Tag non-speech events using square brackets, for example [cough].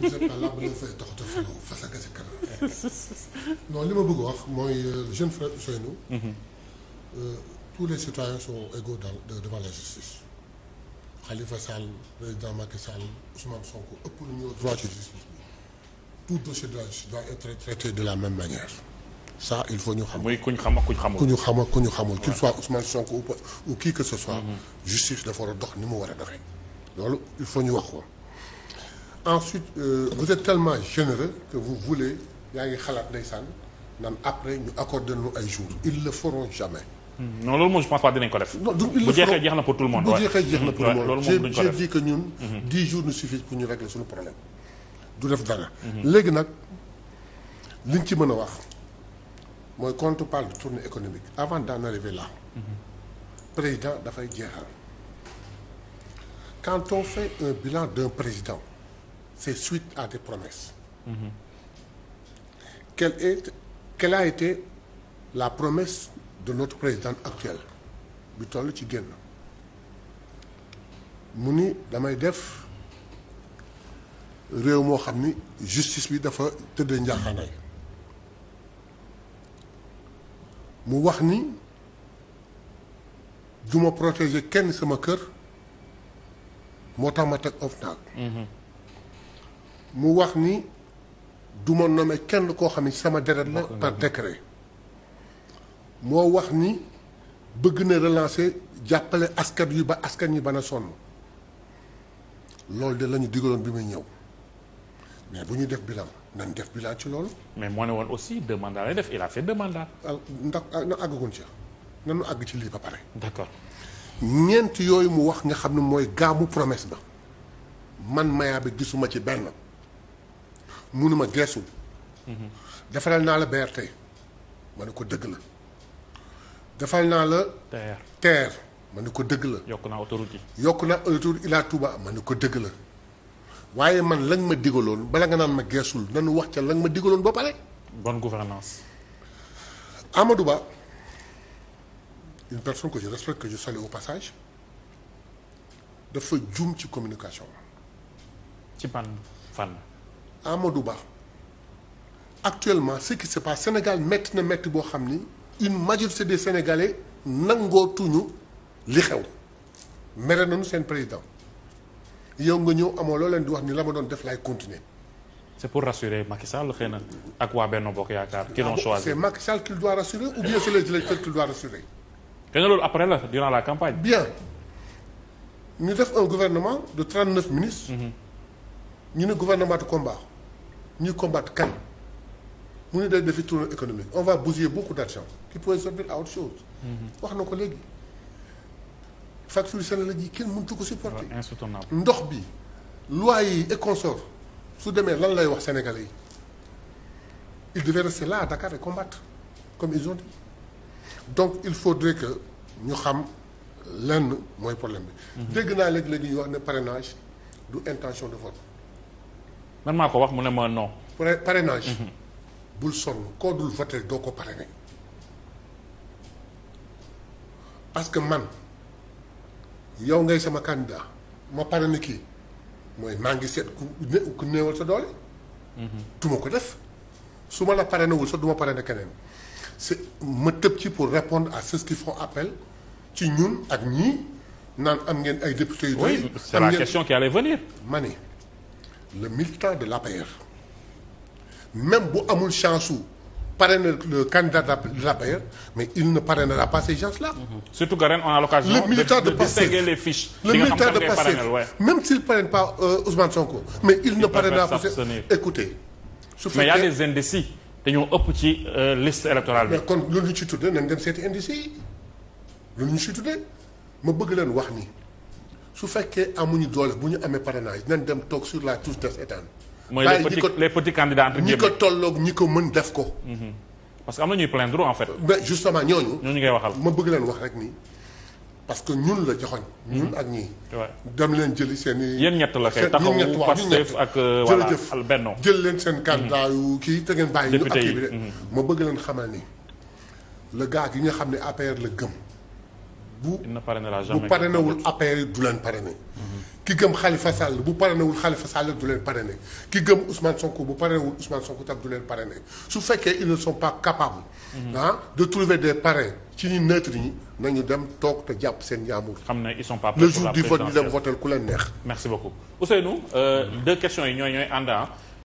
vous [laughs] n'êtes li ma bëgg wax mooy euh, jeune frère Ousseynou mhm. euh, tous les citoyens sont égaux dans devant la justice Khalifa Sall président Macky Sall Ousmane Sonko ëpp lu ñu droit ci justice bi tout dossier de la doit être traité de la même manière ça il faut ñu xam. muy ku ñu xam ku ñu xamul. ku ñu xam ak ku ñu xamul qu'il soit Ousmane Sonko ou qui que ce soit. Mhm. justice dafa war a dox ni mu war a doxee. loolu il faut ñu wax ko. ensuite euh, vous êtes tellement généreux que vous voulez yaa ngi xalaat ndeysaan naan après ñu accorder nu ay jours ils le feront jamais. Hmm. non loolu moom je pense pas dinañ ko def. non du bu jeexee jeex na pour tout le monde. bu jeexee hmm. ñun. 10 hmm. jours nous suffisent pour ñu régler suñu problème. du def dara. léegi nag liñ ci mën a wax mooy quand on parle tournée économique avant d'en arriver là. président dafay jeexal. quand on fait un bilan d'un président. c'est suite à des promesses. Mm -hmm. la promesse de notre président actuel bi toll ci génn mu ni damay def réew moo xam ni justice bi dafa tëddee njaaxaanaay mu wax ni du ma protéger kenn sama kër moo tax ma teg OFNAC mhm. mu wax ni du ma kenn koo xam ni sama deret la par décret moo wax ni bëgg na relancer jàppale askan yu ba askan yu ban a sonn loolu de la ñu digaloon bi muy ñëw mais bu ñu def bilan nañ def bilan ci loolu. mais moo ne woon aussi deux mandats lay def il a fait deux ah, ndax ah, na àggaguñ ci àgg ci lii ba pare. d'accord ñeent yooyu mu wax nga xam ne mooy gaamu promesse ba man mayaa bi gisuma ci benn. munu munuma geesul defaral naa la BRT ma ko dëgg la defal naa la TER ma ne ko dëgg la yokk naa autoroute yi yokk naa autoroute Ila Touba ma ne ko dëgg la waaye man la ma digaloon bala nga naan ma geesul nanu wax ca la ma digaloon ba pare bonne gouvernance Amadou Ba une personne que je respecte que je salue au passage dafa juum ci communication ci ban Amadou Ba actuellement ce qui se passe Sénégal métti na métti boo xam ni une majorité des Sénégalais nangootuñu li xew mere nañu seen président yow nga ñëw amoo loo leen di wax ni la ma doon def laay continuer. c'est pour rassurer Macky Sall xëy na ak waa Benno Bokk Yaakaar. qui l'ont ah choisi c'est Macky Sall qu'il doit rassurer ou bien c'est les électeurs qu'il doit rassurer. xëy na loolu après la durant la campagne. bien ñu def un gouvernement de 39 ministres. Mm-hmm. ñu ne gouvernement de combat. ñu combattre kan mu ñu day défi tournoi économique on va bousiller beaucoup d'argent qui pourrait servir à autre mm-hmm. wax na ko léegi facture Sénégal ji kenn mëntu ko supporter ndox bi loi yi et su demee lan lay wax sénégalais yi ils devaient rester là Dakar et combattre comme ils ont dit donc il faudrait que ñu xam lenn mooy problème bi mm-hmm. dégg naa léegi-léegi ñu wax ne parrainage du intention de vote man maa ko wax mu ne ma non. parrainage. bul sol koo dul voté doo ko parrainé parce que man yow ngay sama candidat ma parrainé kii mooy maa ngi seet ku ne ku néewal sa doole. du mhm. ma ko def su ma la parrainé wul sax du ma parrainé keneen ma tëb ci pour répondre a ceux qui font appel ci ñun ak ñii naan am ngeen ay députés yu doy. am ngeen ma ne. le militant de l'APR même bu amul chance su parrainer le candidat de l'APR mais il ne parrainera pas ces gens mm-hmm. que ren on a l'occasion le militant de, de, de distinguer les fiches. le militant de Pastef ouais. même s'il parraine pas euh, Ousmane mais il, ne parrainera pas écoutez. mais y a des indécis dañoo ëpp ci euh, liste électorale bi. mais kon loolu ñu ci tuddee nañ dem seeti indécis yi loolu ñu si tuddee ma bëgg leen wax ni. su fekkee amuñu doole bu ñu amee parrainage nañ dem toog sur la touche des états. mooy les petits les petits ñi ko tolloog ñi ko mën def ko. Mhm. parce que am na ñuy plaindre en fait. mais justement ñooñu. ñooñu ngay waxal ma bëgg leen wax rek nii. parce que ñun la joxoon. ñun mhm. ak ñii. dem leen jëli seen i. ñett la kay taxawu Pastef ak euh, voilà al Benno jël leen seen mhm. candidat yu kii te ngeen bàyyi. ñu ak kii bi de ma bëgg leen xamal ni. le gars yi ñu xam ne APR la gëm. bu bu parrainewul APR du leen parrainé mm-hmm. ki gëm Khalifa Sall bu parrainewul Khalifa Sall du leen parrainé ki gëm Ousmane Sonko bu parrainewul Ousmane Sonko tam du leen parrainé su fekkee ils ne sont pas capables mm-hmm. ah de trouver des parrains ci ñu neutre ñi nañu dem toog te jàpp seen yaamur xam ne ils sont pas le jour vote ñu ku leen neex merci beaucoup Ousseynou euh, mm-hmm. deux questions yi ñooy ñooy ah.